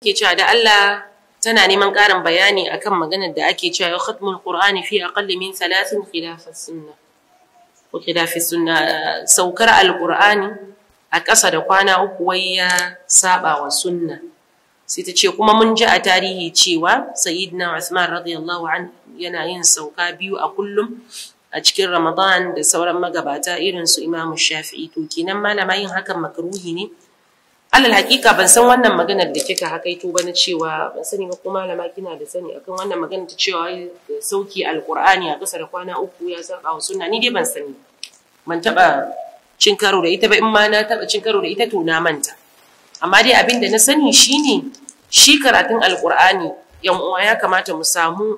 ke cewa da Allah tana neman ƙarin bayani akan maganar da ake cewa khatmul qur'ani fi aqalli min thalathin khilaf sunna ko khilaf sunna eh, saukar alqur'ani a ƙasa da kwana uku wai ya saba wa sunna sai ta ce kuma mun ji a tarihi cewa sayyidina Usman radiyallahu an yana yin sauka biyu a kullum a cikin Ramadan da sauran magabata irin su Imamu Shafi'i to kenan malama yin hakan makruhi ne alal hakika ban san wannan maganar da kika hakaito ba na cewa ban sani ba kuma malama kina da sani akan wannan maganar ta cewa sauki alqur'ani a kasa da kwana uku ya saba wa sunna ni dai ban sani ban taba cin karo da ita ba in ma na taba cin karo da ita to na manta amma dai abin da na sani shine shi karatun alqur'ani yan uwa ya kamata mu samu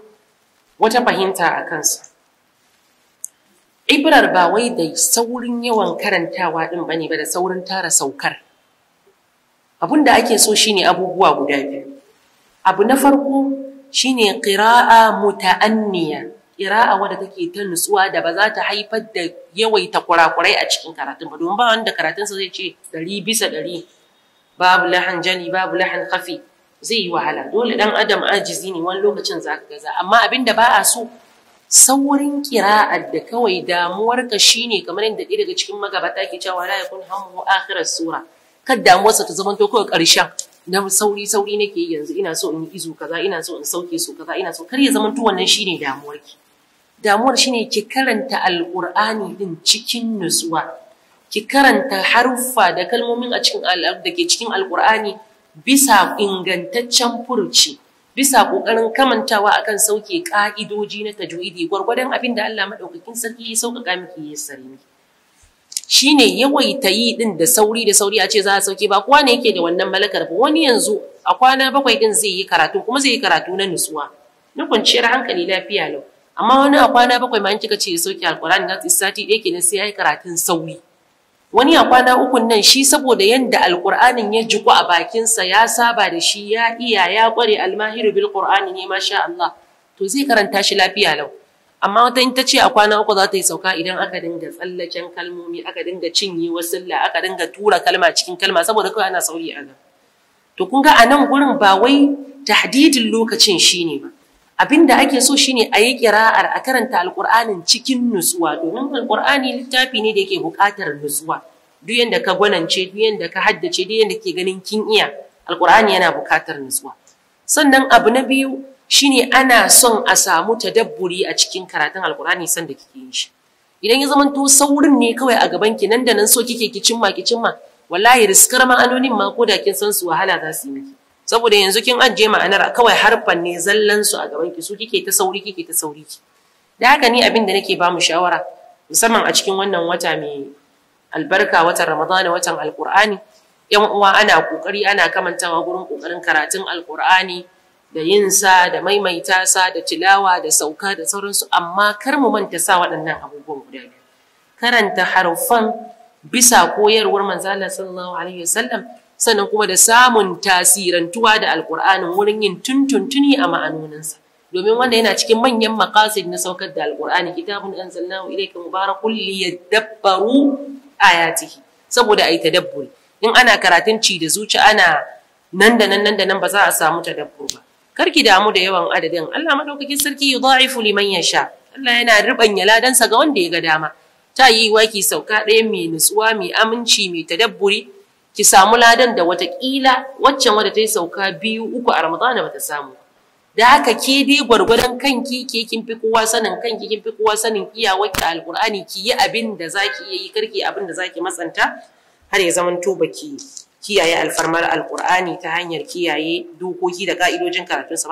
wata fahimta a kansa ibrar ba wai da saurin yawan karantawa din bane ba da saurin tara saukar Abun da ake so shine abubuwa guda biyu abu na farko shine qira'a muta'anniya qira'a wadda take ta nutsuwa da ba za ta haifar da yawaita kurakurai a cikin karatun ba domin ba wanda karatun sa zai ce ɗari bisa ɗari babu lahan jani babu lahan kafi zai yi wahala dole dan adam ajizi ne wani lokacin za ka gaza amma abin da ba a so saurin kira'ar da kawai damuwarka shine kamar yadda ɗaya daga cikin magabata ke cewa la yakun hamu akhirat sura kar damuwarsa ta zamanto kawai ƙarshen na sauri sauri nake yanzu ina so in yi izu kaza ina so in sauke su kaza ina so kar ya zamanto wannan shine damuwarki damuwar shine ki karanta alqur'ani din cikin nutsuwa ki karanta haruffa da kalmomin a cikin da ke cikin alqur'ani bisa ingantaccen furuci bisa ƙoƙarin kamantawa akan sauke ƙa'idoji na tajwidi gwargwadon abin da Allah maɗaukakin sarki ya sauƙaƙa miki ya sare shine yawaita yi din da sauri da sauri a ce za a sauke ba kowa ne yake da wannan malakar ba wani yanzu a kwana bakwai din zai yi karatu kuma zai yi karatu na nutsuwa na kwanciyar hankali lafiya lau amma wani a kwana bakwai ma kika ce ya sauke alkurani na sati ɗaya kenan sai ya yi karatun sauri wani a kwana ukun nan shi saboda yadda alkur'anin ya jiku a bakinsa ya saba da shi ya iya ya kware almahiru bil qur'ani ne masha Allah to zai karanta shi lafiya lau amma wata in ta ce a kwana uku za ta yi sauka idan aka dinga tsallaken kalmomi aka dinga cinye sallah, aka dinga tura kalma cikin kalma saboda kawai ana sauri a nan to kun ga a nan gurin ba wai tahdidin lokacin shine ba Abin da ake so shine a yi kira'ar a karanta alƙur'anin cikin nutsuwa domin alƙur'ani littafi ne da yake buƙatar nutsuwa duk yanda ka gwanance duk yanda ka haddace duk yanda ke ganin kin iya alƙur'ani yana buƙatar nutsuwa sannan abu na biyu shine ana son a samu tadabburi a cikin karatun alkurani san da kike yin shi idan ya zama to saurin ne kawai a gaban ki nan da nan so kike ki cimma ki cimma wallahi riskar ma'anonin ma ko da kin san su wahala za su yi miki saboda yanzu kin ajiye ma'anar kawai harfan ne zallan su a gaban ki su kike ta sauri kike ta sauri ki da haka ni abin da nake ba mu shawara musamman a cikin wannan wata mai albarka watan ramadana watan alkur'ani yan uwa ana kokari ana kamantawa gurin kokarin karatun alkur'ani da yin sa da maimaita sa da tilawa da sauka da sauransu amma kar mu manta sa waɗannan abubuwan guda biyu karanta harufan bisa koyarwar manzala sallallahu alaihi wasallam sannan kuma da samun tasirantuwa da alkur'anin wurin yin tuntuntuni a ma'anoninsa domin wanda yana cikin manyan maqasid na saukar da alkur'ani kitabun anzalnahu ilayka mubarakun liyadabbaru ayatihi saboda ayi tadabburi in ana karatun ci da zuci ana nan da nan nan da nan ba za a samu tadabbur ba kar ki damu da yawan adadin Allah madaukakin sarki yudha'ifu liman yasha Allah yana ribanya ladansa ga wanda ya ga dama ta yi waki sauka ɗaya mai nutsuwa mai aminci mai tadabburi ki samu ladan da watakila waccan wadda ta yi sauka biyu uku a ramadana bata samu da haka ke dai gwargwadon kanki ke kin fi kowa sanin kanki kin fi kowa sanin iyawar ki alqur'ani ki yi abin da zaki iya yi karki abin da zaki matsanta har ya zamanto baki kiyaye alfarmar alkur'ani ta hanyar kiyaye dokoki da ka'idojin karatunsa